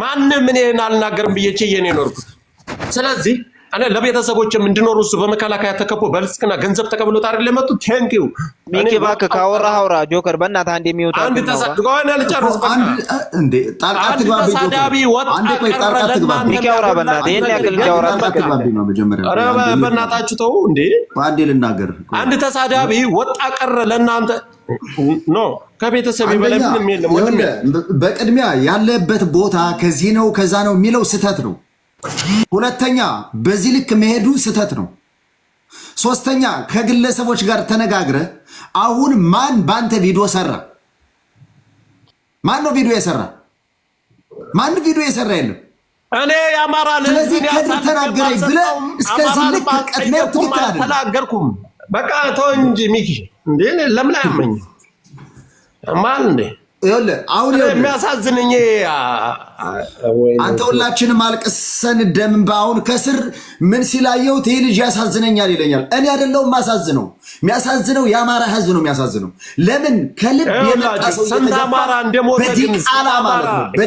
ማንም እኔን አልናገርም ብዬቼ ችዬ ኖርኩት። ስለዚህ እኔ ለቤተሰቦችም እንድኖሩ እሱ በመከላከያ ተከቦ በልስክና ገንዘብ ተቀብሎት አይደል የመጡት። ቴንክ ዩ ሚኪ እባክህ ካወራ አውራ ጆከር፣ በእናትህ አንድ የሚወጣ አንድ ተሳድገዋን ያልጨርስ እንዴ ተሳዳቢ ወጣ ሚኪ አውራ፣ በእናትህ ይሄን ያክል እንዲያወራ ኧረ በእናታችሁ ተው እንዴ! ልናገር። አንድ ተሳዳቢ ወጣ ቀረ ለእናንተ ኖ ከቤተሰብ የለም። በቅድሚያ ያለበት ቦታ ከዚህ ነው ከዛ ነው የሚለው ስህተት ነው። ሁለተኛ በዚህ ልክ መሄዱ ስህተት ነው። ሶስተኛ ከግለሰቦች ጋር ተነጋግረ አሁን ማን በአንተ ቪዲዮ ሰራ? ማን ነው ቪዲዮ የሰራ? ማን ቪዲዮ የሰራ የለም። እኔ የአማራ ስለዚህ ከድር ተናገረኝ ብለ እስከዚህ ልክ ቀጥሜ ትክክል አለ በቃ ተው እንጂ ሚኪ፣ እንዴ ለምን አያመኝ ማን እንዴ የሚያሳዝንኝ አንተ ሁላችንም አልቅሰን ደም በአሁን ከስር ምን ሲላየው ይህ ልጅ ያሳዝነኛል ይለኛል። እኔ አይደለሁም ማሳዝነው፣ የሚያሳዝነው የአማራ ህዝብ ነው የሚያሳዝነው። ለምን ከልብ የመጣ ሰው አማራ እንደሞተ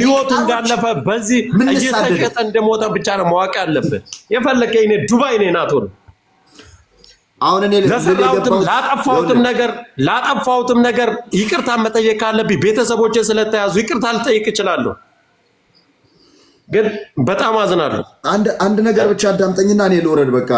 ህይወቱ እንዳለፈ በዚህ እየተሸጠ እንደሞተ ብቻ ነው ማወቅ ያለብን። የፈለገ ዱባይ ነ ናቶ ነው አሁን እኔ ላጠፋሁትም ነገር ላጠፋሁትም ነገር ይቅርታ መጠየቅ ካለብኝ ቤተሰቦቼ ስለተያዙ ይቅርታ ልጠይቅ እችላለሁ። ግን በጣም አዝናለሁ። አንድ አንድ ነገር ብቻ አዳምጠኝና እኔ ልውረድ። በቃ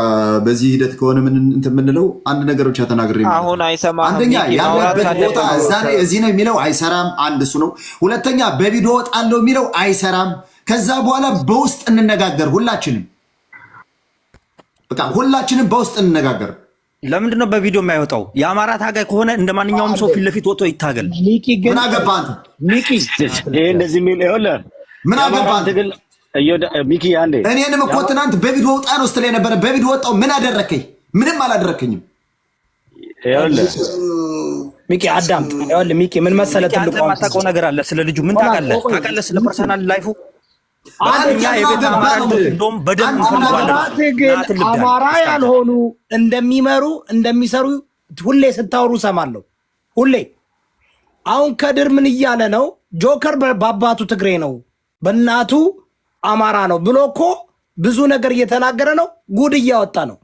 በዚህ ሂደት ከሆነ ምን እንትን የምንለው አንድ ነገር ብቻ ተናግሬ አሁን አይሰማም። አንደኛ ያለበት ቦታ እዛ እዚህ ነው የሚለው አይሰራም። አንድ እሱ ነው። ሁለተኛ በቪዲዮ ወጣለው የሚለው አይሰራም። ከዛ በኋላ በውስጥ እንነጋገር ሁላችንም፣ በቃ ሁላችንም በውስጥ እንነጋገር። ለምንድን ነው በቪዲዮ የማይወጣው? የአማራ ታጋይ ከሆነ እንደ ማንኛውም ሰው ፊት ለፊት ወጥቶ ይታገል። ሚቂ ምን አገባ አንተ ሚቂ፣ ይሄ እንደዚህ ሚል ይኸውልህ፣ ምን አገባ አንተ ግን ሚቂ፣ አንዴ እኔንም እኮ ትናንት በቪዲዮ ወጣ ነው ስትል የነበረ በቪዲዮ ወጣው። ምን አደረከኝ? ምንም አላደረከኝም። ይኸውልህ ሚቂ አዳም፣ ይኸውልህ ሚቂ፣ ምን መሰለህ፣ ትልቁ ነገር አለ። ስለ ልጁ ምን ታውቃለህ? ታውቃለህ ስለ ፐርሰናል ላይፉ በደንብ አማራ ያልሆኑ እንደሚመሩ እንደሚሰሩ ሁሌ ስታወሩ ሰማለሁ። ሁሌ አሁን ከድር ምን እያለ ነው? ጆከር በአባቱ ትግሬ ነው በእናቱ አማራ ነው ብሎ እኮ ብዙ ነገር እየተናገረ ነው። ጉድ እያወጣ ነው።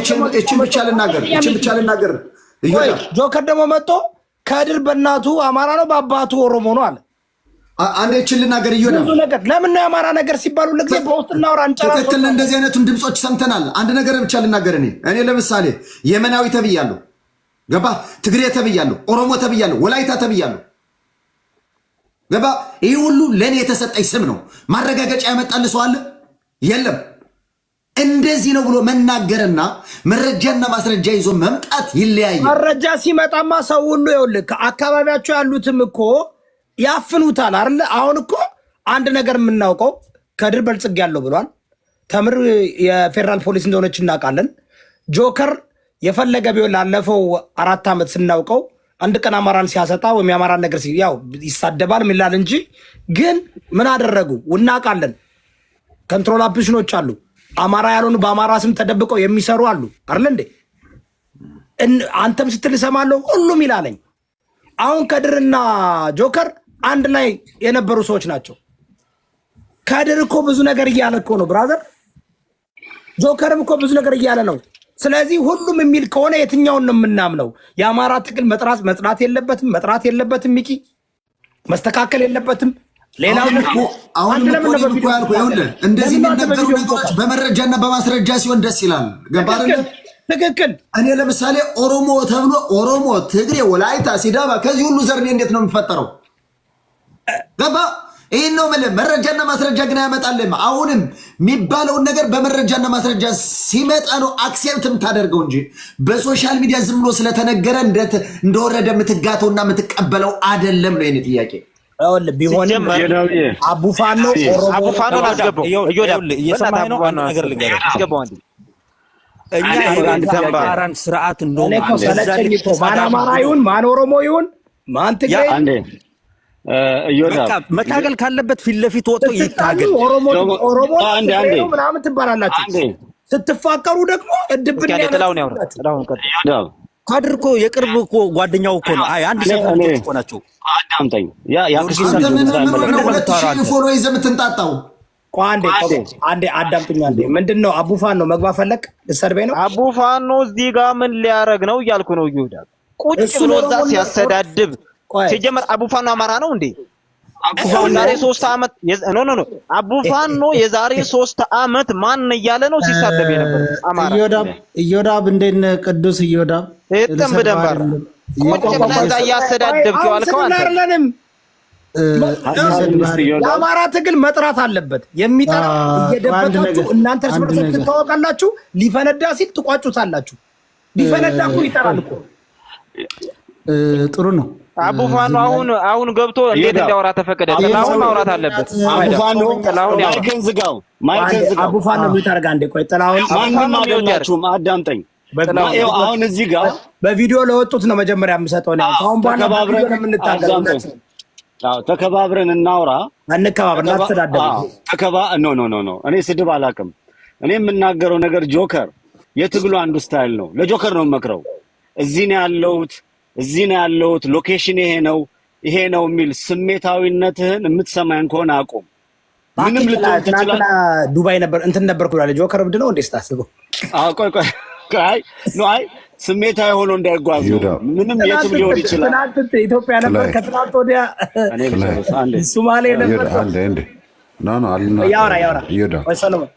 እችን ብቻ ልናገር፣ እችን ብቻ ልናገር። ጆከር ደግሞ መጥቶ ከድር በእናቱ አማራ ነው በአባቱ ኦሮሞ ነው አለ። አንዴ አንድ የችልን ሀገር ብዙ ነገር ለምን ነው የአማራ ነገር ሲባሉ ለጊዜ በውስጥ እናውራ እንጨራ ትክክል። እንደዚህ አይነቱን ድምፆች ሰምተናል። አንድ ነገር ብቻ ልናገር። እኔ እኔ ለምሳሌ የመናዊ ተብያለሁ፣ ገባ ትግሬ ተብያለሁ፣ ኦሮሞ ተብያለሁ፣ ወላይታ ተብያለሁ፣ ገባ ይህ ሁሉ ለእኔ የተሰጠኝ ስም ነው። ማረጋገጫ ያመጣል ሰው አለ የለም። እንደዚህ ነው ብሎ መናገርና መረጃና ማስረጃ ይዞ መምጣት ይለያያል። መረጃ ሲመጣማ ሰው ሁሉ ይኸውልህ አካባቢያቸው ያሉትም እኮ ያፍኑታል አይደለ? አሁን እኮ አንድ ነገር የምናውቀው ከድር በልጽግ ያለው ብሏል። ተምር የፌዴራል ፖሊስ እንደሆነች እናውቃለን። ጆከር የፈለገ ቢሆን ላለፈው አራት ዓመት ስናውቀው አንድ ቀን አማራን ሲያሰጣ ወይም የአማራን ነገር ያው ይሳደባል ሚላል እንጂ ግን ምን አደረጉ እናውቃለን። ከንትሮል አፕሽኖች አሉ። አማራ ያልሆኑ በአማራ ስም ተደብቀው የሚሰሩ አሉ አይደለ እንዴ? አንተም ስትል እሰማለሁ ሁሉም ይላለኝ። አሁን ከድርና ጆከር አንድ ላይ የነበሩ ሰዎች ናቸው። ካድር እኮ ብዙ ነገር እያለ እኮ ነው ብራዘር። ጆከርም እኮ ብዙ ነገር እያለ ነው። ስለዚህ ሁሉም የሚል ከሆነ የትኛውን ነው የምናምነው? የአማራ ትግል መጥራት መጽናት የለበትም መጥራት የለበትም ሚቂ መስተካከል የለበትም። ሌላው እንደዚህ የሚነገሩ ነገሮች በመረጃና በማስረጃ ሲሆን ደስ ይላል። ገባህ? ትክክል። እኔ ለምሳሌ ኦሮሞ ተብሎ ኦሮሞ፣ ትግሬ፣ ወላይታ፣ ሲዳማ ከዚህ ሁሉ ዘርኔ እንዴት ነው የምፈጠረው? ገባ? ይህን ነው የምልህ። መረጃና ማስረጃ ግን አያመጣልህም። አሁንም የሚባለውን ነገር በመረጃና ማስረጃ ሲመጣ ነው አክሴፕት የምታደርገው እንጂ በሶሻል ሚዲያ ዝም ብሎ ስለተነገረ እንደወረደ የምትጋተውና የምትቀበለው አደለም ነው የእኔ ጥያቄ። ቢሆንም አቡፋኖ እንደሆነ ማን ይሁን ማን ኦሮሞ ይሁን ማን ትግሬ መታገል ካለበት ፊት ለፊት ወጥቶ ይታገል። ኦሮሞ ምናምን ትባላላችሁ። ስትፋቀሩ ደግሞ እድብን ካድር እኮ የቅርብ እኮ ጓደኛው እኮ ነው። አንድ ሰው እኮ ናቸው። አዳምጠኝ። ያ ያ የምትንጣጣው አንዴ አንዴ አዳምጥኝ። አንዴ ምንድን ነው አቡፋን ነው መግባ ፈለቅ ልሰርቤ ነው አቡፋን ነው እዚህ ጋር ምን ሊያደረግ ነው እያልኩ ነው። ይሁዳ ቁጭ ብሎ እዛ ሲያስተዳድብ ሲጀመር አቡፋኖ አማራ ነው እንዴ? ዛሬ ሶስት አመት ኖ ኖ ኖ አቡፋኖ የዛሬ ሶስት አመት ማን እያለ ነው ሲሳደብ የነበረው? ቅዱስ እዮዳብ እጥም በደንባር ቁጭ ብለህ እዛ እያስተዳደብከው አልከው አንተ የአማራ ትግል መጥራት አለበት። የሚጠራ እየደበቃችሁ እናንተ እርስ በርሳችሁ ትታወቃላችሁ። ሊፈነዳ ሲል ትቋጩታላችሁ። ሊፈነዳ እኮ ይጠራል እኮ ጥሩ ነው። አቡፋኖ አሁን አሁን ገብቶ እንዴት እንዲያወራ ተፈቀደ? ጥላሁን ማውራት አለበት። አቡፋኖ ጥላሁን ያው ማይክን ዝጋው፣ ማይክን ዝጋው። አቡፋኖ ቢታርጋ እንደ ቆይ ጥላሁን ማንንም አይደላችሁም። አዳምጠኝ። ይኸው አሁን እዚህ ጋር በቪዲዮ ለወጡት ነው መጀመሪያ የምሰጠው ነው። አሁን ባና በቪዲዮ ነው የምንታገለው። አዎ ተከባብረን እናውራ፣ አንከባብረን አትተዳደሩ። ተከባ ኖ ኖ ኖ ኖ እኔ ስድብ አላውቅም። እኔ የምናገረው ነገር ጆከር የትግሉ አንዱ ስታይል ነው። ለጆከር ነው የምመክረው። እዚህ ነው ያለሁት እዚህ ነው ያለሁት፣ ሎኬሽን ይሄ ነው ይሄ ነው የሚል ስሜታዊነትህን የምትሰማኝ ከሆነ አቁም። ምንም ልትሆን ዱባይ ነበር እንትን ነበርኩ ብላለህ። ጆከር እብድ ነው እንዴ ስታስበው? ቆይ ቆይ አይ ኖ ስሜታዊ ሆኖ እንዳይጓዙ ምንም የትም ሊሆን ይችላል። ትናንት ኢትዮጵያ ነበር፣ ከትናንት ወዲያ ሱማሌ ነበር። ያውራ ያውራ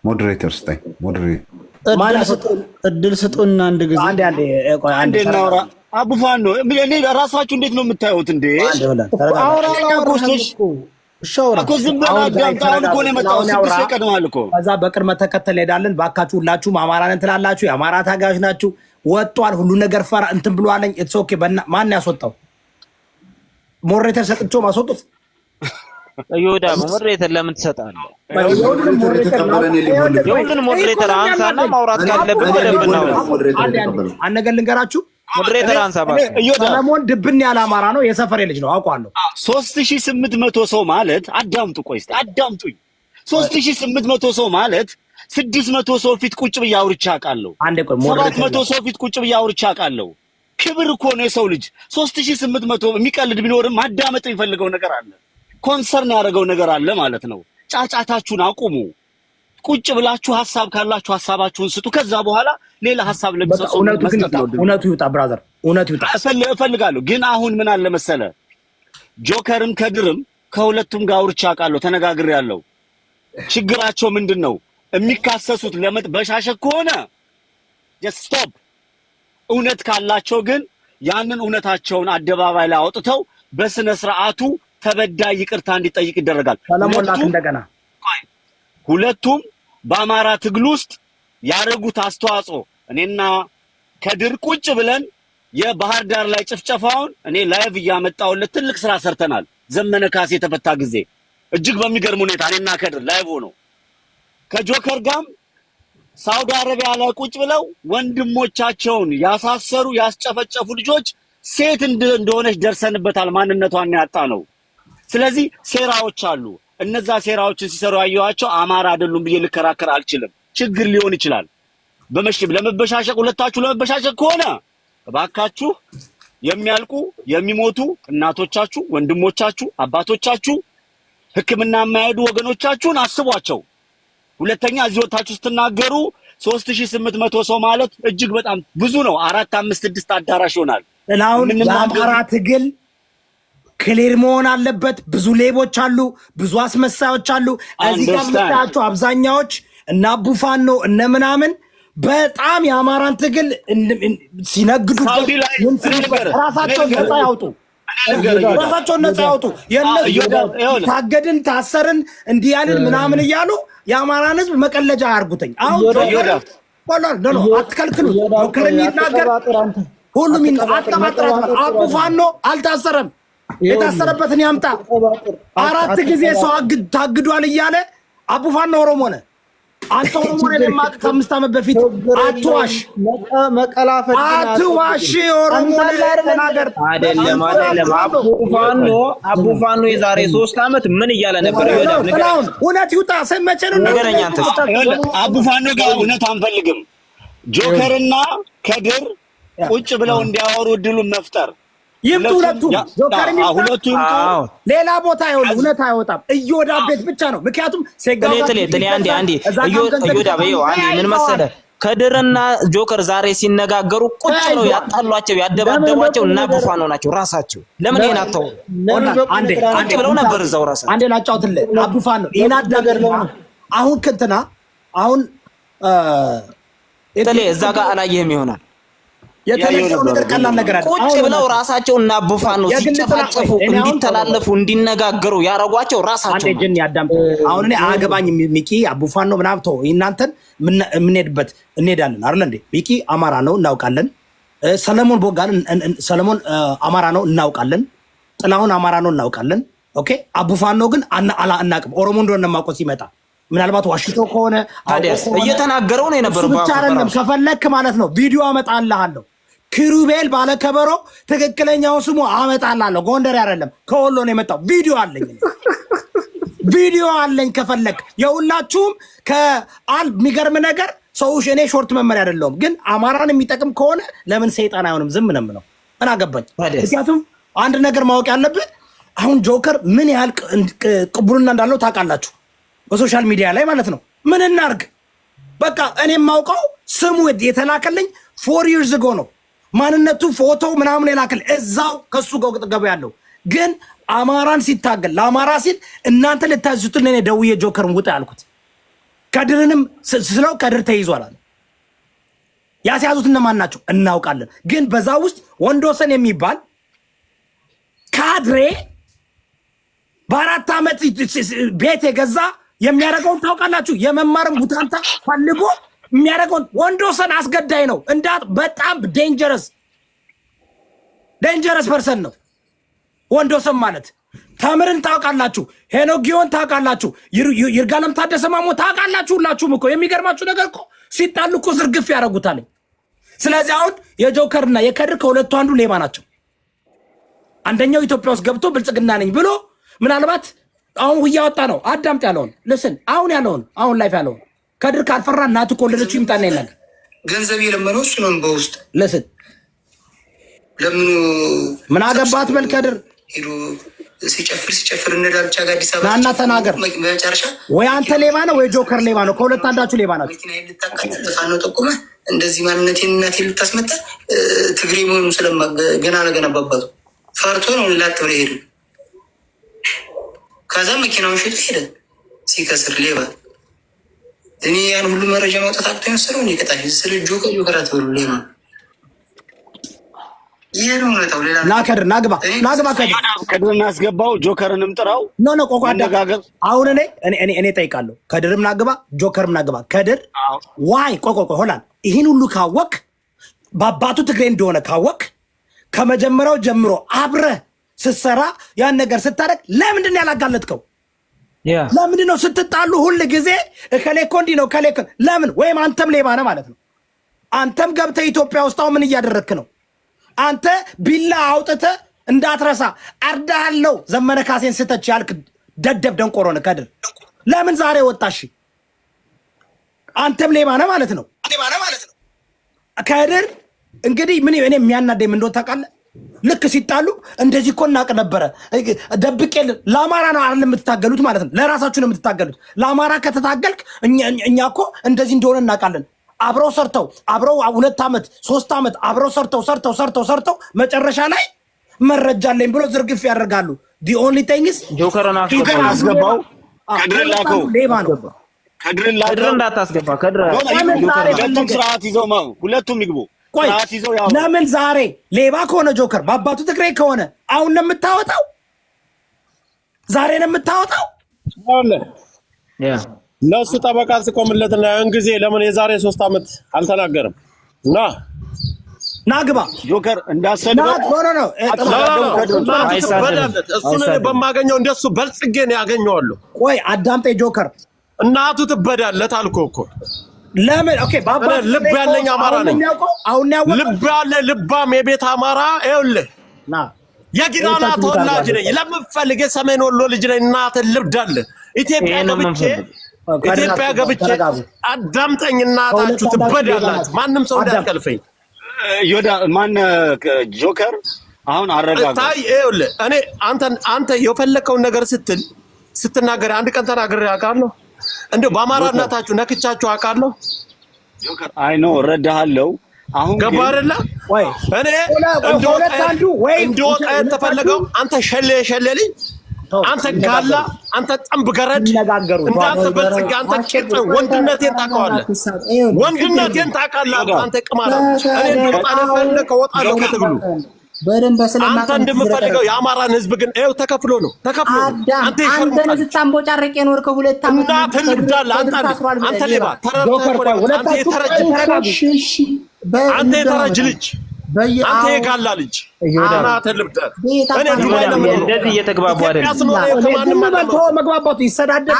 ሞዴሬተር ስጠኝ፣ ሞዴሬተር እድል ስጡን አንድ ጊዜ አንዴ አንዴ አንዴ እናውራ አቡፋን ነው እኔ ራሳችሁ እንዴት ነው የምታዩት እንዴ? አሁን ኮስቶች እኮ ዝም ብለህ አዳምጥ። አሁን እኮ ነው የመጣሁት። ስድስት ይቀድማል እኮ ከዛ በቅድመ ተከተል ሄዳለን። ባካችሁ ሁላችሁም አማራ ነን ትላላችሁ። የአማራ ታጋዮች ናችሁ። ወጧል ሁሉ ነገር ፈራ እንትን ብሏለኝ። ኢትስ ኦኬ። ማን ያስወጣው? ሞሬተር ሰጥቼው ማስወጡት ይሁዳ ሞዴሬተር ለምን ትሰጣለህ? የሁሉን ሞዴሬተር አንሳና ማውራት ካለብን ወደ ብናው አንድ ነገር ልንገራችሁ ሰለሞን ድብን ያለ አማራ ነው፣ የሰፈሬ ልጅ ነው አውቋለሁ። ሶስት ሺህ ስምንት መቶ ሰው ማለት አዳምጡ፣ ቆይ አዳምጡኝ። ሶስት ሺህ ስምንት መቶ ሰው ማለት ስድስት መቶ ሰው ፊት ቁጭ ብዬ አውርቼ አውቃለሁ። ሰባት መቶ ሰው ፊት ቁጭ ብዬ አውርቼ አውቃለሁ። ክብር እኮ ነው የሰው ልጅ። ሶስት ሺህ ስምንት መቶ የሚቀልድ ቢኖርም ማዳመጥ የሚፈልገው ነገር አለ፣ ኮንሰርን ያደረገው ነገር አለ ማለት ነው። ጫጫታችሁን አቁሙ። ቁጭ ብላችሁ ሀሳብ ካላችሁ ሀሳባችሁን ስጡ። ከዛ በኋላ ሌላ ሀሳብ ለሚሰጡ ይውጣ፣ ብራዘር እውነቱ ይውጣ እፈልጋለሁ። ግን አሁን ምን አለ መሰለ፣ ጆከርም ከድርም ከሁለቱም ጋር አውርቼ አውቃለሁ፣ ያለው ችግራቸው ምንድን ነው? የሚካሰሱት በሻሸ ከሆነ ስቶፕ። እውነት ካላቸው ግን ያንን እውነታቸውን አደባባይ ላይ አውጥተው በስነ ስርዓቱ ተበዳይ ይቅርታ እንዲጠይቅ ይደረጋል። ሁለቱም በአማራ ትግል ውስጥ ያደረጉት አስተዋጽኦ እኔና ከድር ቁጭ ብለን የባህር ዳር ላይ ጭፍጨፋውን እኔ ላይቭ እያመጣሁለት ትልቅ ስራ ሰርተናል። ዘመነ ካሴ የተፈታ ጊዜ እጅግ በሚገርም ሁኔታ እኔና ከድር ላይቭ ሆኖ ከጆከር ጋም ሳውዲ አረቢያ ላይ ቁጭ ብለው ወንድሞቻቸውን ያሳሰሩ ያስጨፈጨፉ ልጆች ሴት እንደሆነች ደርሰንበታል። ማንነቷን ያጣ ነው። ስለዚህ ሴራዎች አሉ። እነዛ ሴራዎችን ሲሰሩ ያየኋቸው አማራ አይደሉም ብዬ ልከራከር አልችልም። ችግር ሊሆን ይችላል። በመሽ ለመበሻሸቅ ሁለታችሁ ለመበሻሸቅ ከሆነ እባካችሁ የሚያልቁ የሚሞቱ እናቶቻችሁ፣ ወንድሞቻችሁ፣ አባቶቻችሁ ሕክምና የማይሄዱ ወገኖቻችሁን አስቧቸው። ሁለተኛ እዚህ ወታችሁ ስትናገሩ 3800 ሰው ማለት እጅግ በጣም ብዙ ነው። አራት፣ አምስት፣ ስድስት አዳራሽ ይሆናል። ጥላሁን ትግል ክሌር መሆን አለበት። ብዙ ሌቦች አሉ፣ ብዙ አስመሳዮች አሉ። እዚህ ጋር የምታያቸው አብዛኛዎች እና ቡፋን ነው እነ ምናምን በጣም የአማራን ትግል ሲነግዱበት ራሳቸው ነፃ ያውጡ ራሳቸውን ነጻ ያውጡ። የእነሱ ታገድን፣ ታሰርን፣ እንዲህ ያልን ምናምን እያሉ የአማራን ህዝብ መቀለጃ አያርጉትኝ። አሁን አትከልክሉ። ጆከር የሚናገር ሁሉም አጠባጥራት አቡ ፋኖ አልታሰረም። የታሰረበትን ያምጣ። አራት ጊዜ ሰው ታግዷል እያለ አቡፋን ኦሮሞ ነህ አንተ ኦሮሞ ደማቅ ከአምስት ዓመት በፊት አትዋሽ፣ አትዋሽ። ኦሮሞ ተናገር። አይደለም አይደለም። አቡፋኖ አቡፋኖ የዛሬ ሶስት ዓመት ምን እያለ ነበር? ሁን እውነት ይውጣ። መቼ ነው ነገረኛ? አንተ አቡፋኖ ጋር እውነት አንፈልግም። ጆከርና ከድር ቁጭ ብለው እንዲያወሩ እድሉን መፍጠር ይምጡ ሁለቱም፣ ጆከር ሁለቱም ሌላ ቦታ አይሆንም፣ እውነት አይወጣም። እዮዳ ቤት ብቻ ነው። ምክንያቱም እዮዳ ምን መሰለ ከድርና ጆከር ዛሬ ሲነጋገሩ ቁጭ ነው ያጣሏቸው፣ ያደባደቧቸው እና ጉፋኖ ናቸው ራሳቸው። ለምን ይሄን አታው አንዴ ብለው ነበር እዛው ራሳቸው አንዴ ላጫውትልህ። ይሄን አጉፋኖ አሁን ክንትና አሁን እዛ ጋር አላየህም ይሆናል የተለየው ነገር ቀላል ነገር አለ። ቁጭ ብለው ራሳቸው እና ሲጨፋጨፉ እንዲተላለፉ እንዲነጋገሩ ያረጓቸው ራሳቸው። አሁን እኔ አገባኝ ሚቂ አቡፋኖ ምናምን ተው። እናንተን የምንሄድበት እንሄዳለን እንዴ? ሚቂ አማራ ነው እናውቃለን። ሰለሞን ቦጋን ሰለሞን አማራ ነው እናውቃለን። ጥላሁን አማራ ነው እናውቃለን። ኦኬ አቡፋኖ ግን አናቅም። ኦሮሞ እንደሆነ ሲመጣ ምናልባት ዋሽቶ ከሆነ እየተናገረው ነው የነበረው። ብቻ አይደለም ከፈለክ ማለት ነው ቪዲዮ አመጣልሃለሁ ክሩቤል ባለከበሮ ትክክለኛው ስሙ አመጣላለሁ። ጎንደር አይደለም ከወሎ ነው የመጣው። ቪዲዮ አለኝ ቪዲዮ አለኝ ከፈለግ የሁላችሁም ከአል የሚገርም ነገር ሰውሽ እኔ ሾርት መመሪያ አይደለሁም፣ ግን አማራን የሚጠቅም ከሆነ ለምን ሰይጣን አይሆንም? ዝም ነው የምለው። ምን አገባኝ? ምክንያቱም አንድ ነገር ማወቅ ያለብህ አሁን ጆከር ምን ያህል ቅቡልና እንዳለው ታውቃላችሁ፣ በሶሻል ሚዲያ ላይ ማለት ነው። ምን እናርግ? በቃ እኔ የማውቀው ስሙ የተላከልኝ ፎር ይርዝ ጎ ነው ማንነቱ ፎቶ ምናምን የላክል እዛው ከሱ ገብ ያለው ግን አማራን ሲታገል ለአማራ ሲል እናንተ ልታዝቱን እኔ ደውዬ ጆከርን ውጣ ያልኩት ከድርንም ስለው ከድር ተይዟል አለ። ያስያዙት እነማን ናቸው እናውቃለን። ግን በዛ ውስጥ ወንዶሰን የሚባል ካድሬ በአራት ዓመት ቤት የገዛ የሚያደርገውን ታውቃላችሁ። የመማርን ቡታንታ ፈልጎ የሚያደርገውን ወንዶሰን አስገዳይ ነው እንዳት በጣም ዴንጀረስ ዴንጀረስ ፐርሰን ነው ወንዶሰን ማለት። ተምርን ታውቃላችሁ፣ ሄኖጊዮን ታውቃላችሁ፣ ይርጋለም ታደሰ ማሞ ታውቃላችሁ። ሁላችሁም እኮ የሚገርማችሁ ነገር እኮ ሲጣሉ እኮ ዝርግፍ ያደርጉታል። ስለዚህ አሁን እና የከድር ከሁለቱ አንዱ ሌባ ናቸው። አንደኛው ኢትዮጵያ ውስጥ ገብቶ ብልጽግና ነኝ ብሎ ምናልባት አሁን እያወጣ ነው። አዳምጥ ያለውን ልስን አሁን ያለውን አሁን ላይፍ ያለውን ከድር ካልፈራ እናቱ ከወለደችው ይምጣና ይላል። ገንዘብ የለመነው እሱ ነው። በውስጥ ለስን ለምኑ ምን አገባት በል ከድር ሄዶ ሲጨፍር ሲጨፍር እንዳልቻ ጋር አዲስ አበባ ናና ተናገር። መጨረሻ ወይ አንተ ሌባ ነው ወይ ጆከር ሌባ ነው። ከሁለት አንዳችሁ ሌባ ናቸው። ፋኖ ጠቁመ እንደዚህ ማንነቴን እናቴን ልታስመጣ ትግሬ መሆኑ ስለማ ገና ለገና ባባቱ ፈርቶ ነው ላት ብለ ሄደ። ከዛ መኪናውን ሽጦ ሄደ ሲከስር ሌባ እኔ ያን ሁሉ መረጃ ማውጣት አቅቶ የመሰለው እኔ ስለ ጆከ ጆከር አትበሉ። ሌላ ይህ ናከድር ናግባ ናግባ ከድር እናስገባው ጆከርንም ጥራው ኖ ኖ ቆቋ አደጋገር አሁን እኔ እኔ እኔ ከድርም ናግባ ጆከርም ናግባ ከድር ዋይ ቆቆቆ ሆላል ይህን ሁሉ በአባቱ ትግሬ እንደሆነ ካወቅ ከመጀመሪያው ጀምሮ አብረህ ስትሰራ ያን ነገር ስታደርግ ለምንድን ነው ያላጋለጥከው? ለምንድን ነው ስትጣሉ ሁል ጊዜ እከሌ እኮ እንዲህ ነው እከሌ እኮ ለምን? ወይም አንተም ሌባ ነህ ማለት ነው። አንተም ገብተህ ኢትዮጵያ ውስጥ አሁን ምን እያደረግክ ነው? አንተ ቢላ አውጥተህ እንዳትረሳ አርዳሃለው። ዘመነ ካሴን ስተች ያልክ ደደብ ደንቆሮ ነህ ከድር። ለምን ዛሬ ወጣሽ? አንተም ሌባ ነህ ማለት ነው። ከድር እንግዲህ ምን እኔ የሚያናደኝ ምን እንደሆነ ታውቃለህ? ልክ ሲጣሉ እንደዚህ እኮ እናቅ ነበረ። ደብቄ ለአማራ ነው አይደል የምትታገሉት ማለት ነው። ለራሳችሁ ነው የምትታገሉት። ለአማራ ከተታገልክ እኛ እኮ እንደዚህ እንደሆነ እናውቃለን። አብረው ሰርተው አብረው ሁለት ዓመት ሶስት ዓመት አብረው ሰርተው ሰርተው ሰርተው ሰርተው መጨረሻ ላይ መረጃ አለኝ ብሎ ዝርግፍ ያደርጋሉ። ኦንሊ ቴንግስ ጆከርን አስገባው ከድርን ላከው ሌባ ነው። ከድርን ስርዓት ይዘው ሁለቱም ይግቡ ቆይ ለምን ዛሬ ሌባ ከሆነ ጆከር በአባቱ ትግሬ ከሆነ አሁን ነው የምታወጣው? ዛሬ ነው የምታወጣው? ለእሱ ጠበቃ ስቆምለት ያን ጊዜ ለምን የዛሬ ሶስት ዓመት አልተናገርም? ና ናግባ ጆከር እንዳሰድበው በማገኘው እንደሱ በልጽጌ ነው ያገኘዋለሁ። ቆይ አዳምጤ ጆከር እናቱ ትበዳለት አልኮ እኮ ለምን ኦኬ ባባ ልብ ያለኝ አማራ ነኝ። አሁን ያወቀ ልብ ያለ ልባም የቤት አማራ ይኸውልህ፣ ና የጊራና ተወላጅ ነኝ። ለምፈልገ ሰሜን ወሎ ልጅ ነኝ። እናትህ ልብዳለ ኢትዮጵያ ገብቼ ኢትዮጵያ ገብቼ አዳምጠኝ። እናታችሁ ትበዳላችሁ። ማንም ሰው እንዳትቀልፈኝ። ዮዳ ማን ጆከር አሁን አረጋጋ ታይ ይኸውልህ፣ እኔ አንተ አንተ የፈለከውን ነገር ስትል ስትናገር አንድ ቀን ተናግሬ አውቃለሁ እንደው በአማራ እናታችሁ ነክቻችሁ አውቃለሁ። አይ ኖ እረዳሃለሁ። አሁን ገባ አይደለ? ወይ እኔ እንደወጣ የተፈለገው አንተ ሸሌ ሸሌ ልጅ አንተ ጋላ አንተ ጠምብ ገረድ እንዳንተ በልጽግ አንተ ቄጥ ወንድነቴን ታውቀዋለህ። ወንድነቴን ታውቃለህ። አንተ ቅማላ እኔ እንደወጣ ነፈለ ከወጣለሁ ከትግሉ በደንብ በሰላም አንተ እንደምፈልገው የአማራን ህዝብ ግን ይኸው ተከፍሎ ነው ተከፍሎ ነው። አንተ አንተን ስታንቦጫረቅ የኖርከው ሁለት ዓመት እናትህ ልግዳለህ። አንተ ሌባ አንተ የተረጅ ልጅ አንተ የጋላ ልጅ እናትህ ልግዳለህ። እኔ ዱባይ ለምን እንደዚህ እየተግባቡ አይደለም? ዝም በል ተወው፣ መግባባቱ ይሰዳደብ።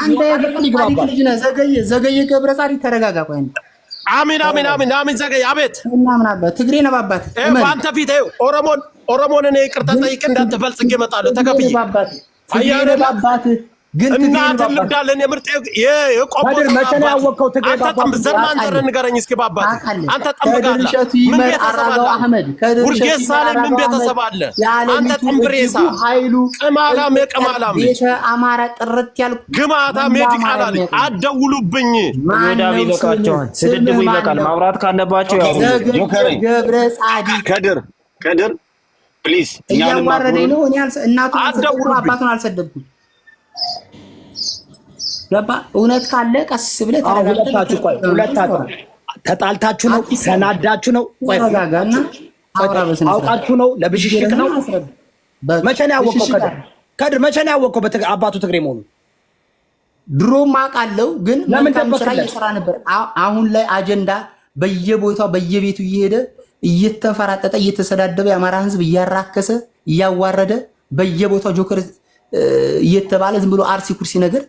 ዘገየ ዘገየ ገብረ ጻሪ ተረጋጋ። ቆይ አሚን አሚን አሚን አሚን ዘገየ አቤት። እናምናበት ትግሬ ነባባት በአባት በአንተ ፊት ይኸው ኦሮሞን ኦሮሞን እኔ ይቅርታ ጠይቅ እንዳንተ በልጽጌ እመጣለሁ ተከፍዬ እናትን ልብዳለን የምርጥ የቆቦት አንተ ንገረኝ እስኪ አንተ ምን ቤተሰብ አለ ውርጌሳ ላይ ምን ቤተሰብ አለ አንተ ጥምብሬሳ ቅማላም የቅማላም አማራ ጥርት ያል ግማታም ልጅ ይበቃቸዋል ስድድቡ ይበቃል ማውራት ካለባቸው ያው ገብረ ከድር ከድር ፕሊዝ እያዋረደኝ ነው። እኔ አባቱን አልሰደብኩም። ገባ እውነት ካለ ቀስ ብለህ ተጣልታችሁ ነው ተናዳችሁ ነው አውቃችሁ ነው ለብሽሽቅ ነው። መቼ ነው ያወቀው ከድር? መቼ ነው ያወቀው አባቱ ትግሬ መሆኑ? ድሮም አውቃለሁ፣ ግን ስራ ነበር። አሁን ላይ አጀንዳ በየቦታው በየቤቱ እየሄደ እየተፈራጠጠ እየተሰዳደበ የአማራ ህዝብ እያራከሰ እያዋረደ በየቦታው ጆከር እየተባለ ዝም ብሎ አርሲ ኩርሲ ነገር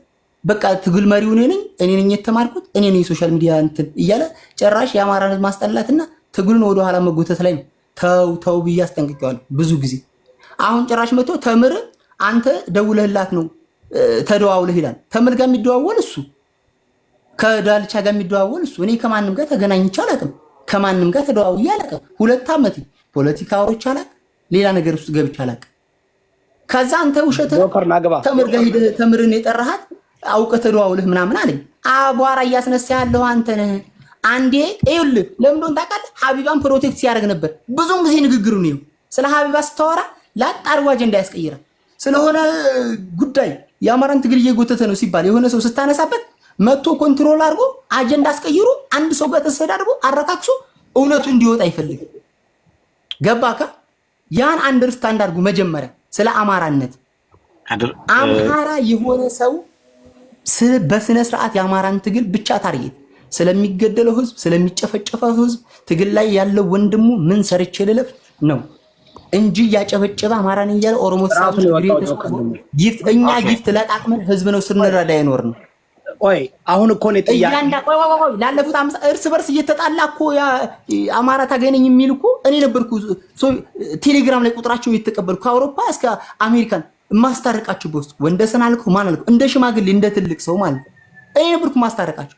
በቃ ትግል መሪው እኔ ነኝ፣ እኔ ነኝ የተማርኩት፣ እኔ ነኝ የሶሻል ሚዲያ እንትን እያለ ጭራሽ የአማራን ህዝብ ማስጠላትና ትግሉን ወደኋላ መጎተት ላይ ነው። ተው ተው ብዬ አስጠንቅቄዋለሁ ብዙ ጊዜ። አሁን ጭራሽ መጥቶ ተምር አንተ ደውለህላት ነው ተደዋውለህ ይላል። ተምር ጋር የሚደዋወል እሱ፣ ከዳልቻ ጋር የሚደዋወል እሱ። እኔ ከማንም ጋር ተገናኝቼ አላውቅም። ከማንም ጋር ተደዋውዬ አላውቅም። ሁለት ዓመት ፖለቲካ አውሮች አላውቅም። ሌላ ነገር ውስጥ ገብቼ አላውቅም። ከዛ አንተ ውሸት ተምር ጋር ሂደህ ተምርን የጠራሃት አውቀህ ተደዋውለህ ምናምን አለኝ። አቧራ እያስነሳ ያለው አንተ ነህ። አንዴ ይኸውልህ ለምን እንደሆነ ታውቃለህ? ሀቢባን ፕሮቴክት ሲያደርግ ነበር ብዙም ጊዜ ንግግሩ ነው ስለ ሀቢባ ስታወራ ላጥ አድርጎ አጀንዳ ያስቀይራል። ስለሆነ ጉዳይ የአማራን ትግል እየጎተተ ነው ሲባል የሆነ ሰው ስታነሳበት መጥቶ ኮንትሮል አድርጎ አጀንዳ አስቀይሮ አንድ ሰው ጋር ተሰዳድቦ አረካክሶ እውነቱ እንዲወጣ አይፈልግም። ገባካ? ያን አንደርስታንድ አድርጉ። መጀመሪያ ስለ አማራነት አማራ የሆነ ሰው በስነ ስርዓት የአማራን ትግል ብቻ ታርጌት ስለሚገደለው ህዝብ፣ ስለሚጨፈጨፈው ህዝብ ትግል ላይ ያለው ወንድሙ ምን ሰርቼ ልለፍ ነው እንጂ እያጨበጨበ አማራን እያለ ኦሮሞ ሳ እኛ ጊፍት ለጣቅመን ህዝብ ነው ስንረዳ አይኖር ነው ቆይ አሁን እኮ ነው ጥያቄ። ላለፉት እርስ በርስ እየተጣላ እኮ አማራ ታገነኝ የሚል እኮ እኔ ነበርኩ ቴሌግራም ላይ ቁጥራቸው እየተቀበልኩ ከአውሮፓ እስከ አሜሪካን ማስታረቃቸው በውስጥ ወንደሰን አልከው ማን አልከው እንደ ሽማግሌ እንደ ትልቅ ሰው ማለት እኔ ነበርኩ ማስታረቃቸው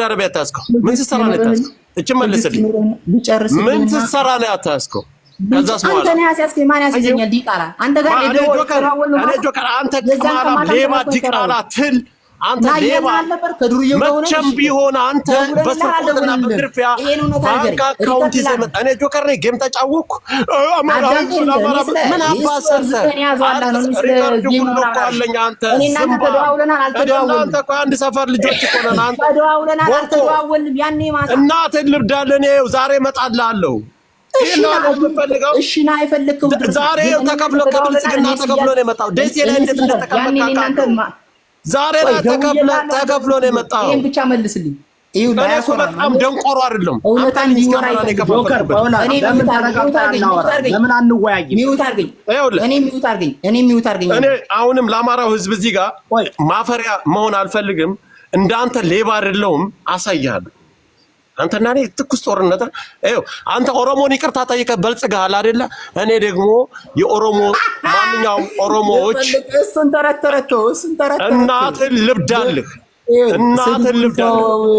ሳውዲ አረቢያ ተያዝከው? ምን ስትሰራ ነው የተያዝከው? እቺ መልስልኝ። ምን ስትሰራ ነው ያታስከው? ከዛስ በኋላ አንተ ነህ ዲቃላ አንተ ጋር ሌባ ዲቃላ ትል አንተ ሌባ መቼም ቢሆን አንተ በስርቆትና በዝርፊያ ባንክ አካውንት ይዘህ መጣ። እኔ ጆከር ነኝ፣ ጌም ተጫወኩ። ምን ሰርተህ ሁሉ እኮ አለኝ። አንተ እናንተ እኮ አንድ ሰፈር ልጆች እኮ ነን። አንተ እናትህን ዛሬ እመጣልሃለሁ። ዛሬ ተከፍሎ ከብልጽግና ተከፍሎ ነው የመጣው ደሴ ላይ እንደት እንደተቀመጥክ ዛሬ ላይ ተከፍሎ ነው የመጣው። ይሄን ብቻ መልስልኝ። በጣም ደንቆሮ አይደለም። እውነታን እኔ አሁንም ለአማራው ህዝብ እዚህ ጋር ማፈሪያ መሆን አልፈልግም። እንዳንተ ሌባ አይደለሁም። አሳያለሁ አንተና እኔ ትኩስ ጦርነት ይኸው። አንተ ኦሮሞን ይቅርታ ጠይቀ በልጽግሃል አይደለ? እኔ ደግሞ የኦሮሞ ማንኛውም ኦሮሞዎች እናትን ልብዳልህ፣ እናትን ልብዳልህ።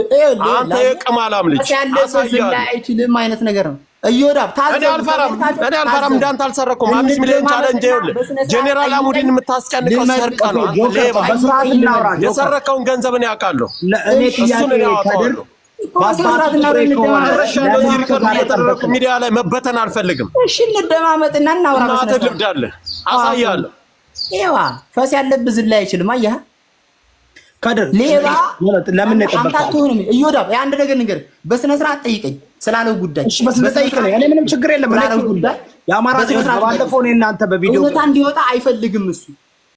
አንተ የቅማላም ልጅ አይችልም አይነት ነገር ነው። እኔ አልፈራም፣ እንዳንተ አልሰረኩም። አምስት ሚሊዮን ቻለንጅ ይኸውልህ፣ ጄኔራል አሙዲን የምታስጨንቀው ሰርቀህ ነው። ገንዘብ እኔ አውቃለሁ፣ እሱን እኔ አውቀዋለሁ። ሚዲያ ላይ መበተን አልፈልግም። እሺ እንደማመጥና እናውራ። እናትህ ልብድ አለ አሳያለሁ። ይዋ ፈስ ያለብህ ዝላ አይችልም። አየህ ካደር ሌባ ለምን ነው ተባካቱን የአንድ ነገር ንገር፣ በስነ ስርዓት ጠይቀኝ ስላለው ጉዳይ። እሺ በስነ ስርዓት እኔ ምንም ችግር የለም። ጉዳይ የአማራ ባለፈው እኔ እናንተ በቪዲዮ እንዲወጣ አይፈልግም እሱ